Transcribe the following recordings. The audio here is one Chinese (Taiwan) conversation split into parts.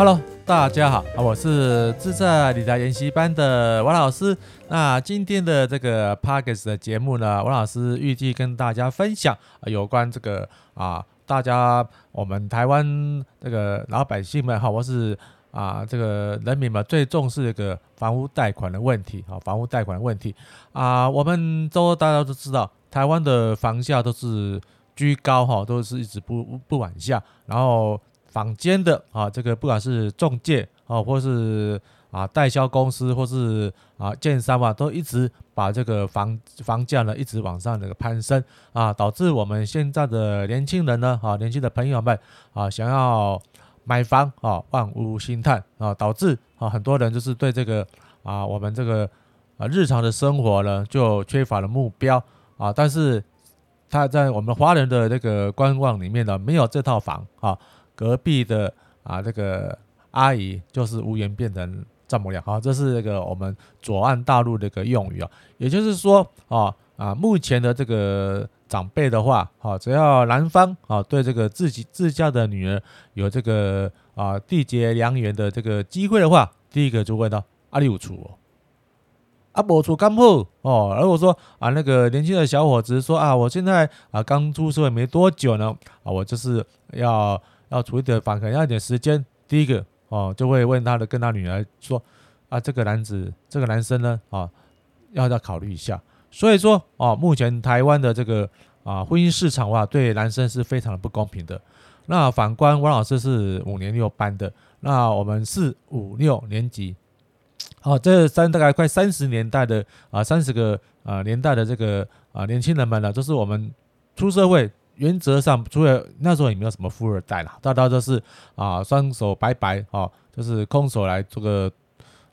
Hello，大家好，我是自在理財研習班的王老師。那今天的這個 podcast 的節目呢，王老師預計跟大家分享、啊、有關這個啊，大家我們台灣這個老百姓們哈，或、啊、是啊這個人民嘛，最重視這個房屋貸款的問題，哈、啊，房屋貸款的問題啊。我們都大家都知道，台灣的房價都是居高哈，都是一直不不往下，然後。坊間的啊，這個不管是中介啊，或是啊代銷公司，或是啊建商啊，都一直把這個房房價呢一直往上那個攀升啊，導致我們現在的年輕人呢啊，年輕的朋友們啊，想要買房啊，望屋興嘆啊，導致啊很多人就是對這個啊我們這個啊日常的生活呢就缺乏了目標啊，但是他在我們華人的那個觀望裡面呢，沒有這套房啊。隔壁的啊，這個阿姨就是無緣變成丈母娘，好，這是這個我們左岸大陸的一個用語啊，也就是說啊啊，目前的這個長輩的話，好，只要男方啊對這個自己自家的女兒有這個啊締結良緣的這個機會的話，第一個就問到阿、啊、里有處、啊、哦，阿伯處干後哦，如果說啊，那個年輕的小伙子說啊，我現在啊剛出社會沒多久呢，啊，我就是要。要處理的話，可能要點時間。第一個哦，就會問他的，跟他女兒說：“啊，這個男子，這個男生呢，啊，要再考慮一下。”所以說，哦，目前台灣的這個啊婚姻市場哇，對男生是非常的不公平的。那反觀王老師是五年六班的，那我們四五六年級，好、啊，這三大概快三十年代的啊三十個啊年代的這個啊年輕人們呢，都、就是我們出社會。原則上，除了那時候也沒有什麼富二代啦，大家都是啊雙手白白啊，就是空手來這個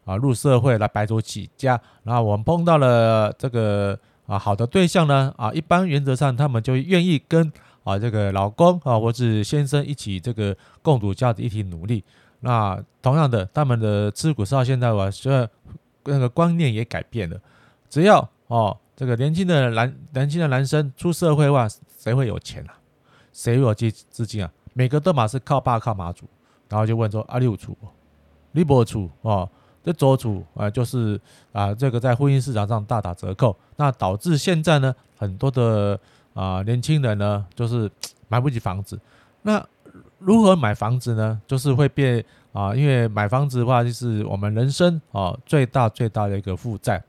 啊入社會來白手起家。然後我們碰到了這個啊好的對象呢啊，一般原則上他們就願意跟啊這個老公啊或者先生一起這個共度家節，一起努力。那同樣的，他們的吃苦到現在我雖然那個觀念也改變了，只要哦、啊、這個年輕的男年輕的男生出社會的話。誰會有錢啊？誰有資資金啊？每個都馬是靠爸靠媽住，然後就問說啊，六，處出不？你不、哦、出啊？這早出啊，就是啊，這個在婚姻市場上大打折扣。那導致現在呢，很多的啊年輕人呢，就是買不起房子。那如何買房子呢？就是會變啊，因為買房子的話，就是我們人生啊，最大最大的一個負債，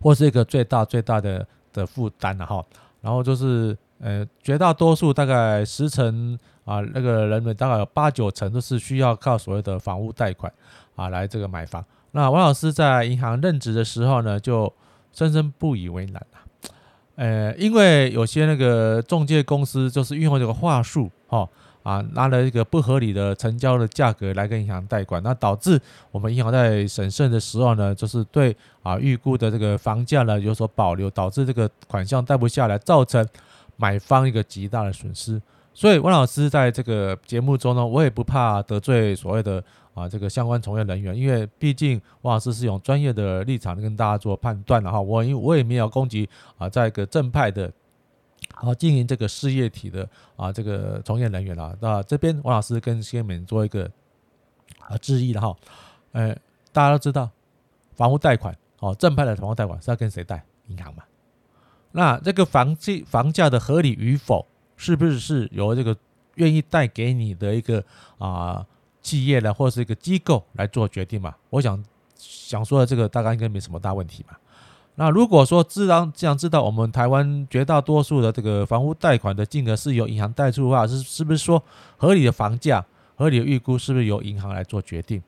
或是一個最大最大的的負擔了哈。然後就是。呃，絕大多數大概十成啊，那個人們大概有八九成都是需要靠所謂的房屋貸款啊來這個買房。那王老師在銀行任職的時候呢，就深深不以為然啊。呃，因為有些那個中介公司就是運用這個話術哈啊，拿了一個不合理的成交的價格來跟銀行貸款，那導致我們銀行在審慎的時候呢，就是對啊預估的這個房價呢有所保留，導致這個款項貸不下來，造成買方一個極大的損失，所以王老師在這個節目中呢，我也不怕得罪所謂的啊這個相關從業人員，因為畢竟王老師是用專業的立場的跟大家做判斷的哈。我因為我也沒有攻擊啊，在一個正派的啊經營這個事業體的啊這個從業人員啦。那這邊王老師跟先民做一個啊質疑了哈，哎，大家都知道，房屋貸款哦，啊，正派的房屋貸款是要跟誰貸？銀行嘛。那這個房價房價的合理與否，是不是是由這個願意貸給你的一個啊、呃、企業呢，或是一個機構來做決定嘛？我想想說的這個，大概應該沒什麼大問題嘛。那如果說自然這樣知道我們台灣絕大多數的這個房屋貸款的金額是由銀行貸出的話，是是不是說合理的房價、合理的預估，是不是由銀行來做決定？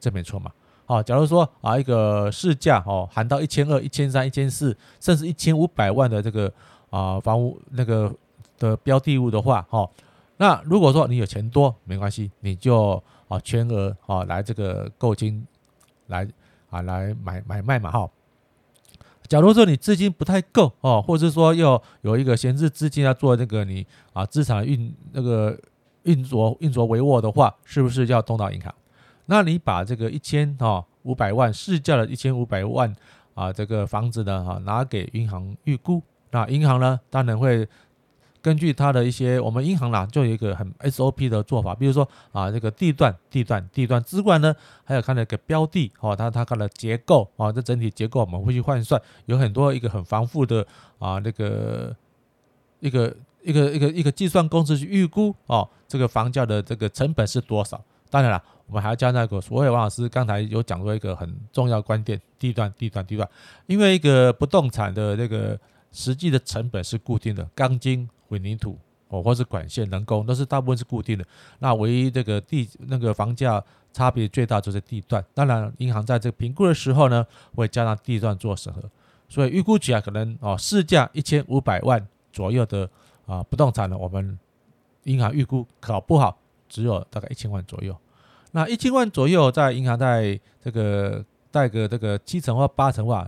這沒錯嘛？好，假如說啊，一個市價哦，含到一千二、一千三、一千四，甚至一千五百萬的這個啊房屋那個的標的物的話，哈，那如果說你有錢多，沒關係，你就啊全額啊來這個購金，來啊來買買賣嘛，哈。假如說你資金不太夠哦，或者說要有一個閒置資金要做那個你啊資產運那個運作運作帷幄的話，是不是要動到銀行？那你把這個一千哈五百萬市價的一千五百萬啊，這個房子呢哈、啊、拿給銀行預估，那銀行呢，當然會根據他的一些我們銀行啦，就有一個很 SOP 的做法，比如說啊，這個地段、地段、地段之外呢，還有看那個標的哦，它它看的結構啊，這整體結構我們會去換算，有很多一個很繁複的啊那個一個一個一個一個計算公式去預估哦、啊，這個房價的這個成本是多少？當然啦。我們還要加那個，所以王老師剛才有講過一個很重要觀點：地段，地段，地段。因為一個不動產的那個實際的成本是固定的，鋼筋、混凝土哦，或是管線、人工，都是大部分是固定的。那唯一這個地那個房價差別最大就是地段。當然，銀行在這個評估的時候呢，會加上地段做審核。所以預估起來可能哦，市價一千五百萬左右的啊不動產呢，我們銀行預估搞不好只有大概一千萬左右。那一千萬左右，在銀行貸這個貸個這個七成或八成的話，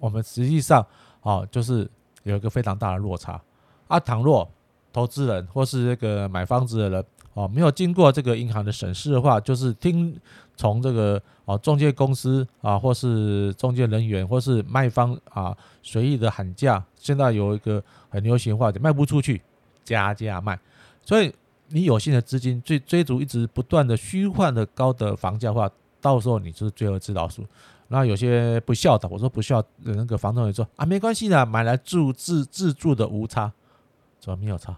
我們實際上啊，就是有一個非常大的落差啊。倘若投資人或是這個買房子的人哦，啊，沒有經過這個銀行的審視的話，就是聽從這個啊，中介公司啊，或是中介人員或是賣方啊隨意的喊價。現在有一個很流行的話，就賣不出去，加價賣，所以。你有限的資金，追追逐一直不斷的虛幻的高的房價的話，到時候你就是最後之老鼠。那有些不肖的，我說不肖的那個房東也說啊，沒關係的，買來住自自住的無差，怎麼沒有差？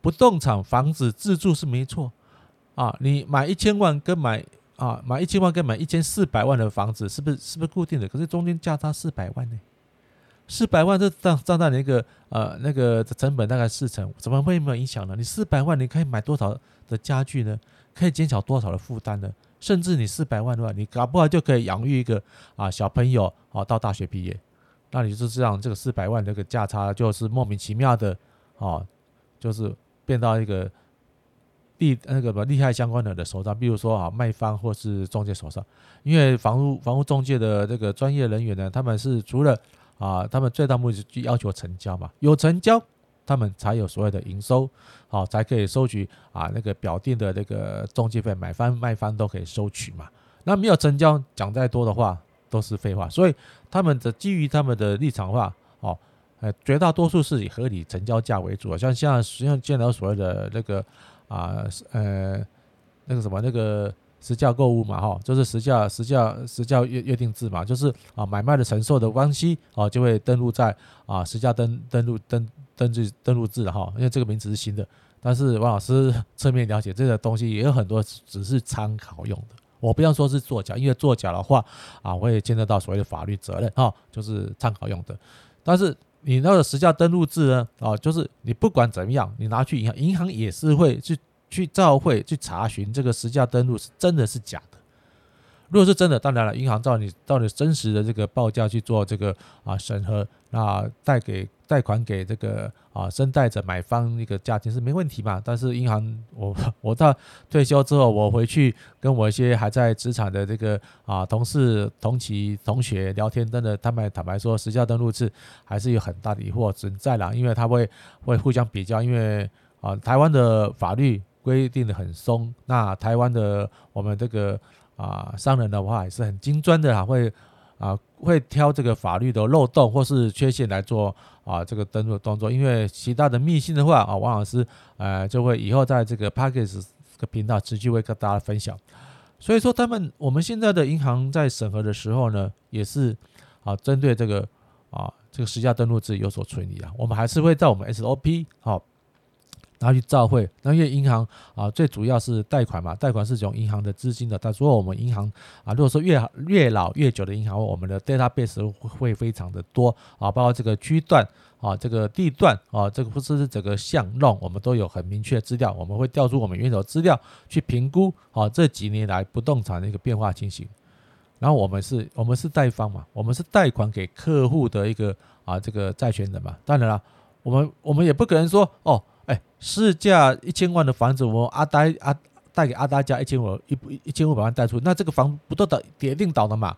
不動產房子自住是沒錯啊，你買一千萬跟買啊買一千萬跟買一千四百萬的房子，是不是是不是固定的？可是中間價差四百萬呢、欸？四百萬這佔佔到那個呃那個成本大概四成，怎麼會沒有影響呢？你四百萬你可以買多少的家具呢？可以減少多少的負擔呢？甚至你四百萬的話，你搞不好就可以養育一個啊小朋友好、啊，到大學畢業。那你就是這樣，這個四百萬這個價差就是莫名其妙的哦、啊，就是變到一個利那個什麼利害相關的的手上，比如說啊賣方或是中介手上，因為房屋房屋中介的這個專業人員呢，他們是除了啊，他們最大目的是要求成交嘛，有成交，他們才有所謂的營收，哦，好，才可以收取啊那個表定的那個中介費，買方賣方都可以收取嘛。那沒有成交，講再多的話都是廢話。所以，他們的基於他們的立場的話哦，哦，呃，絕大多數是以合理成交價為主，啊。像現在實際上見到所謂的那個啊，呃，呃，那個什麼那個。實價購物嘛，哈，就是實價實價實價約約定制嘛，就是啊買賣的承受的關係啊，就會登錄在啊實價登登錄登登登登錄制哈、啊，因為這個名字是新的。但是王老師側面了解，這個東西也有很多只是參考用的。我不要說是作假，因為作假的話啊，我也牽得到所謂的法律責任哈、啊，就是參考用的。但是你那個實價登錄制呢，啊，就是你不管怎麼樣，你拿去銀行，銀行也是會去。去照會去查詢這個實價登錄是真的是假的，如果是真的，當然了，銀行照你照你真實的這個報價去做這個啊審核，那貸給貸款給這個啊申貸者買方那個價錢是沒問題嘛。但是銀行我，我我到退休之後，我回去跟我一些還在職場的這個啊同事，同期同學聊天，真的他們坦白說，實價登錄是還是有很大的疑惑，存在啦，因為他會會互相比較，因為啊台灣的法律，規定的很鬆，那台灣的我們這個啊商人的話也是很精鑽的啊，會啊會挑這個法律的漏洞或是缺陷來做啊這個登錄的動作，因為其他的秘辛的話啊，王老師呃就會以後在這個 Podcast 的頻道持續會跟大家分享。所以說他們我們現在的銀行在審核的時候呢，也是啊針對這個啊這個實價登錄制有所存疑啊，我們還是會在我們 SOP 好、啊。然後去照會，那因為銀行啊，最主要是貸款嘛，貸款是用銀行的資金的。但如果我們銀行啊，如果說越越老越久的銀行，我們的 database 會會非常的多啊，包括這個區段啊、這個地段啊、這個或者是整個巷弄，我們都有很明確的資料。我們會調出我們原有的資料去評估啊，這幾年來不動產的一個變化情形。然後我們是，我們是貸方嘛，我們是貸款給客戶的一個啊，這個債權人嘛。當然了，我們我們也不可能說哦。哎，市價一千萬的房子，我阿呆阿貸、啊、給阿呆家一千五一一千五百萬貸出，那這個房不都得跌定倒的嘛？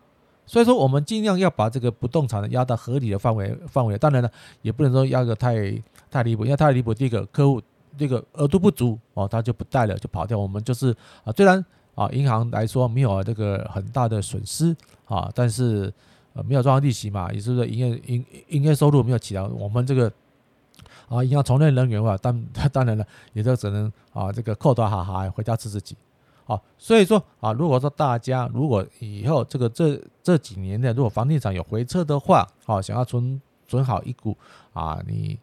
所以說我們盡量要把這個不動產的壓到合理的範圍範圍。當然了，也不能說壓得太太離譜，因為太離譜，第一個客戶這個額度不足哦，他就不貸了就跑掉。我們就是啊，雖然啊銀行來說沒有這個很大的損失啊，但是呃沒有賺到利息嘛，也是不是營業營營業收入沒有起來，我們這個。啊，銀行從業人員的話，當當然了，也就只能啊，這個扣到哈哈回家吃自己。好，所以說啊，如果說大家如果以後這個這這幾年的，如果房地產有回撤的話，啊，想要存存好一股啊，你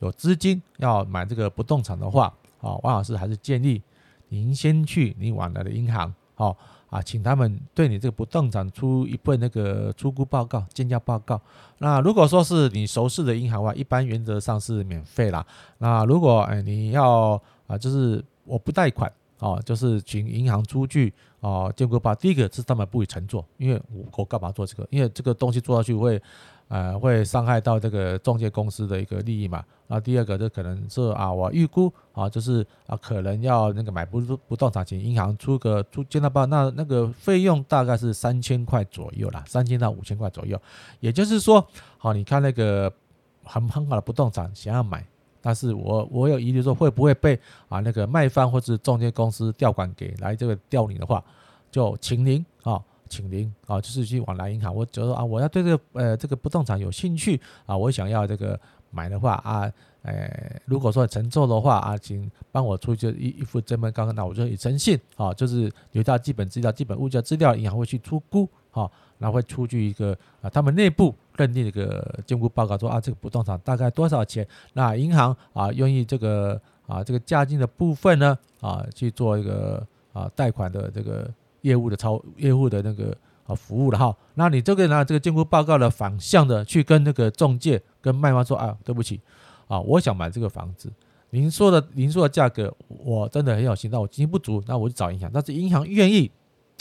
有資金要買這個不動產的話，啊，王老師還是建議您先去您往來的銀行，好。啊，請他們對你這個不動產出一份那個出估報告、鑑價報告。那如果說是你熟悉的銀行的話，一般原則上是免費啦。那如果，哎、你要啊，就是我不貸款哦，就是請銀行出具哦建估吧。第一個是他們不予承做，因為我我幹嘛做這個？因為這個東西做下去會呃，會傷害到這個中介公司的一個利益嘛？那第二個，就可能是啊，我預估啊，就是啊，可能要那個買不不動產，請銀行出個出簽到包，那那個費用大概是三千塊左右啦，三千到五千塊左右。也就是說，好，你看那個很很好的不動產想要買，但是我我有疑慮說會不會被啊那個賣方或是中介公司調管給來這個調你的話，就請您啊。請您啊，就是去往來銀行。我只要說啊，我要對這個呃這個不動產有興趣啊，我想要這個買的話啊，呃，如果說承受的話啊，請幫我出具一一份這麼剛，那我就以誠信啊，就是有到基本資料、基本物價資料，銀行會去出估啊，然後會出具一個啊，他們內部認定的一個評估報告，說啊，這個不動產大概多少錢？那銀行啊，用於這個啊這個價金的部分呢啊，去做一個啊貸款的這個。業務的操，業務的那個啊服務的哈，那你這個呢，這個評估報告的反向的去跟那個中介跟賣方說啊，對不起啊，我想買這個房子，您說的您說的價格我真的很有心，但我資金不足，那我就找銀行，但是銀行願意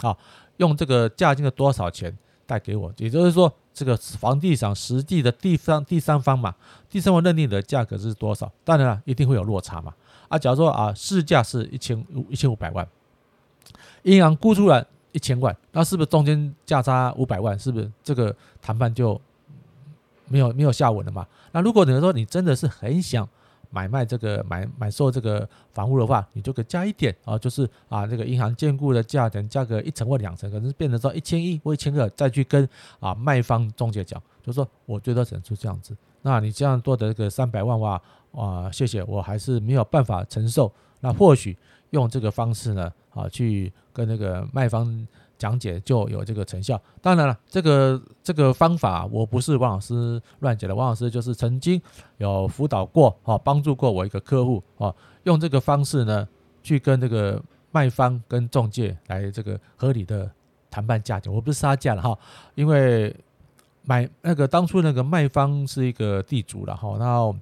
啊用這個價金的多少錢貸給我，也就是說，這個房地產實際的第三第三方嘛，第三方認定的價格是多少？當然了，一定會有落差嘛。啊，假如說啊，市價是一千五，一千五百萬。銀行估出來一千萬，那是不是中間價差五百萬？是不是這個談判就沒有沒有下文了嘛？那如果你說你真的是很想買賣這個買買售這個房屋的話，你就可以加一點啊，就是啊，這個銀行兼顧的價錢、價格一成或兩成，可能變成到一千一或一千二，再去跟啊賣方中介講，就是說我最多只能出這樣子。那你這樣多的這個三百萬哇哇，謝謝，我還是沒有辦法承受。那或許用這個方式呢啊去。跟那個賣方講解就有這個成效。當然了，這個這個方法我不是王老師亂講的，王老師就是曾經有輔導過、哦、幫助過我一個客戶、哦、用這個方式呢去跟這個賣方跟中介來這個合理的談判價錢，我不是殺價了哈，因為買那個當初那個賣方是一個地主了哈，那。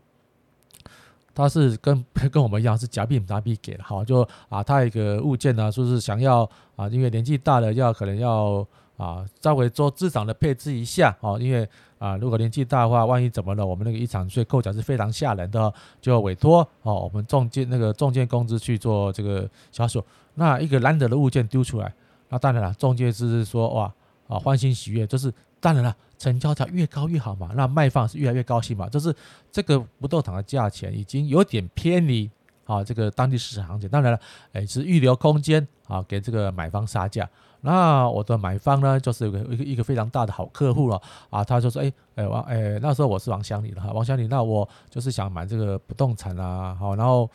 他是跟跟我們一樣是假幣假幣給的，好就啊，他有一個物件呢，說、就是想要啊，因為年紀大了要可能要啊，稍微做資產的配置一下哦、啊，因為啊，如果年紀大的話，萬一怎麼了，我們那個遺產稅扣繳是非常嚇人的，就要委託哦、啊，我們中介那個中介公司去做這個銷售，那一個難得的物件丟出來，那當然了，中介是說哇啊歡欣喜悅，就是當然了。成交價越高越好嘛，那賣方是越來越高興嘛。就是這個不動產的價錢已經有點偏離啊，這個當地市場行情。當然了，哎，是預留空間啊，給這個買方殺價。那我的買方呢，就是有個一個一個非常大的好客戶了啊，他就說，哎哎王哎，那時候我是王襄理的哈，王襄理，那我就是想買這個不動產啊，好，然後、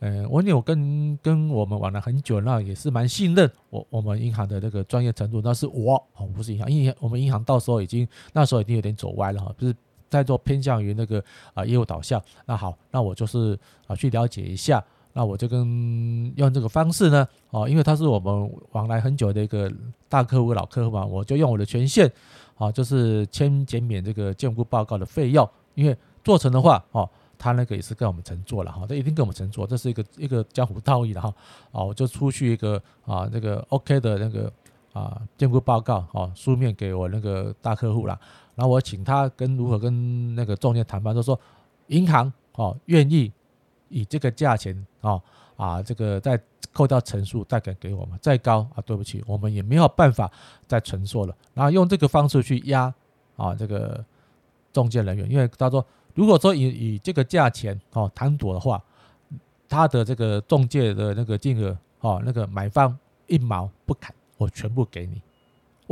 哎，我有跟跟我們玩了很久，那也是蠻信任我我們銀行的這個專業程度，那是我哦，不是銀行，因為我們銀行到時候已經那時候已經有點走歪了哈，就是在做偏向於那個啊業務導向，那好，那我就是啊去了解一下。那我就跟用這個方式呢，哦，因為他是我們往來很久的一個大客戶、老客戶嘛，我就用我的權限，哦，就是先減免這個鑑估報告的費用，因為做成的話，哦，他那個也是跟我們承做了哈，他一定跟我們承做，這是一個一個江湖道義了哈，哦，我就出具一個啊那個 OK 的那個啊鑑估報告哦、啊，書面給我那個大客戶啦，然後我請他跟如何跟那個中介談判，就說銀行哦願意。以這個價錢哦啊啊，這個再扣掉成數再給給我們，再高啊，對不起，我們也沒有辦法再承受了。然後用這個方式去壓啊，這個中介人員，因為他說，如果說以以這個價錢哦談妥的話，他的這個中介的那個金額哦，那個買方一毛不砍，我全部給你。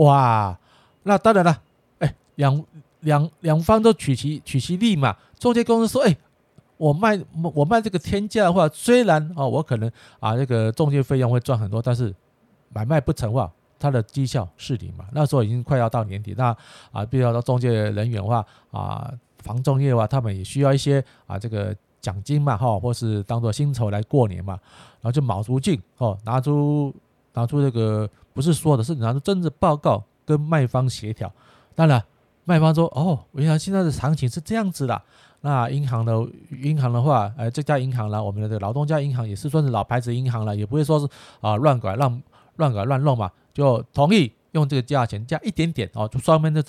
哇，那當然了，哎，兩兩兩方都取其取其利嘛。中介公司說，哎。我賣我賣這個天價的話，雖然啊，我可能啊，這個中介費用會賺很多，但是買賣不成的話，它的績效是零嘛。那時候已經快要到年底，那啊，比如說中介人員的話啊，房仲業的話，他們也需要一些啊，這個獎金嘛，哈，或是當做薪酬來過年嘛，然後就卯足勁哦，拿出拿出這個不是說的是拿出政治報告跟賣方協調，當然。賣方說：“哦，我想現在的行情是這樣子的。那銀行的銀行的話，呃，這家銀行呢，我們的這個勞動家銀行也是算是老牌子銀行了，也不會說是啊亂拐讓亂拐亂弄嘛。就同意用這個價錢，加一點點哦，就雙方就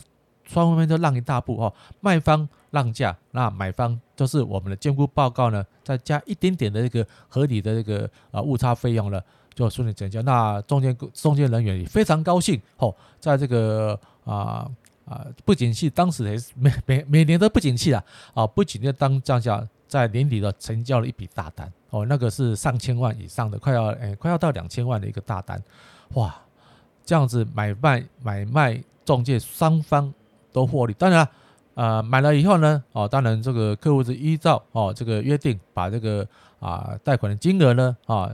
雙方面就讓一大步哦。賣方讓價，那買方就是我們的鑑估報告呢，再加一點點的這個合理的這個啊誤差費用了，就順利成交。那中間中間人員也非常高興哦，在這個啊。”啊，不景氣，當時也是每每每年都不景氣啦啊，啊。不景氣，當這樣在年底了成交了一筆大單哦，那個是上千萬以上的，快要、欸、快要到兩千萬的一個大單，哇，這樣子買賣買賣仲介雙方都獲利。當然了、啊，啊、呃、買了以後呢，哦、啊，當然這個客戶是依照哦、啊、這個約定把這個啊貸款的金額呢啊。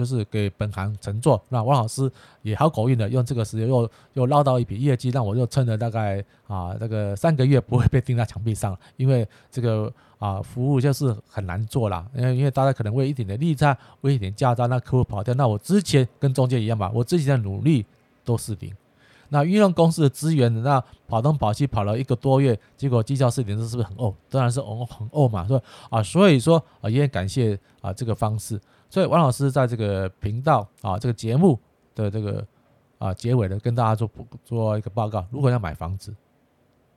就是給本行承做，那王老師也好狗運的，用這個時間又又撈到一筆業績，那我就趁着大概啊，這個三個月不會被釘在牆壁上，因為這個啊服務就是很難做啦。因為因為大家可能為一點的利差，為一點價差，那客戶跑掉，那我之前跟中介一樣嘛，我之前的努力都是零。那運用公司的資源，那跑東跑西跑了一個多月，結果績效是零，是不是很嘔？當然是嘔，很嘔嘛，是吧？啊，所以說啊，也感謝啊這個方式。所以王老師在這個頻道啊，這個節目的這個啊結尾呢，跟大家做做做一個報告。如果要買房子，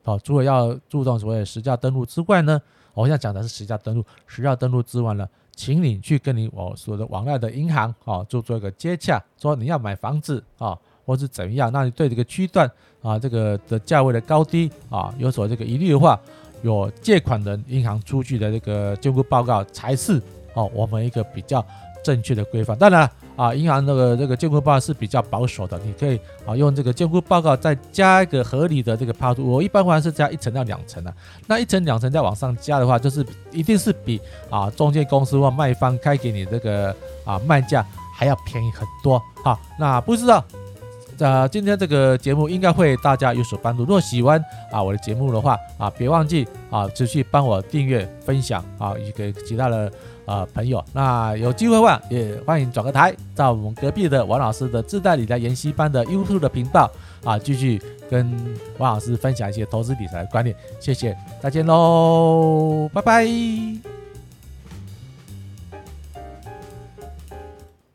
好，除了要注重所謂的實價登錄之外呢，我現在講的是實價登錄。實價登錄之外呢，請你去跟你我所謂的往來的銀行啊，做做一個接洽，說你要買房子啊，或是怎樣？那你對這個區段啊，這個的價位的高低啊，有所這個疑慮的話，有借款人銀行出具的這個評估報告才是。哦，我們一個比較正確的規範，當然啊，啊，銀行那個這個鑑估報告是比較保守的，你可以啊用這個鑑估報告再加一個合理的這個 p o t 我一般還是加一層到兩層啊，那一層兩層再往上加的話，就是一定是比啊中介公司或賣方開給你這個啊賣價還要便宜很多啊，那不知道。呃，今天這個節目應該會大家有所幫助。如果喜歡啊我的節目的話啊，別忘記啊，持續幫我訂閱、分享啊，以及給其他的啊、呃、朋友。那有機會的話，也歡迎轉個台，在我們隔壁的王老師的“自在理財研習班”的 YouTube 的頻道啊，繼續跟王老師分享一些投資理財的觀念。謝謝，再見嘍，拜拜。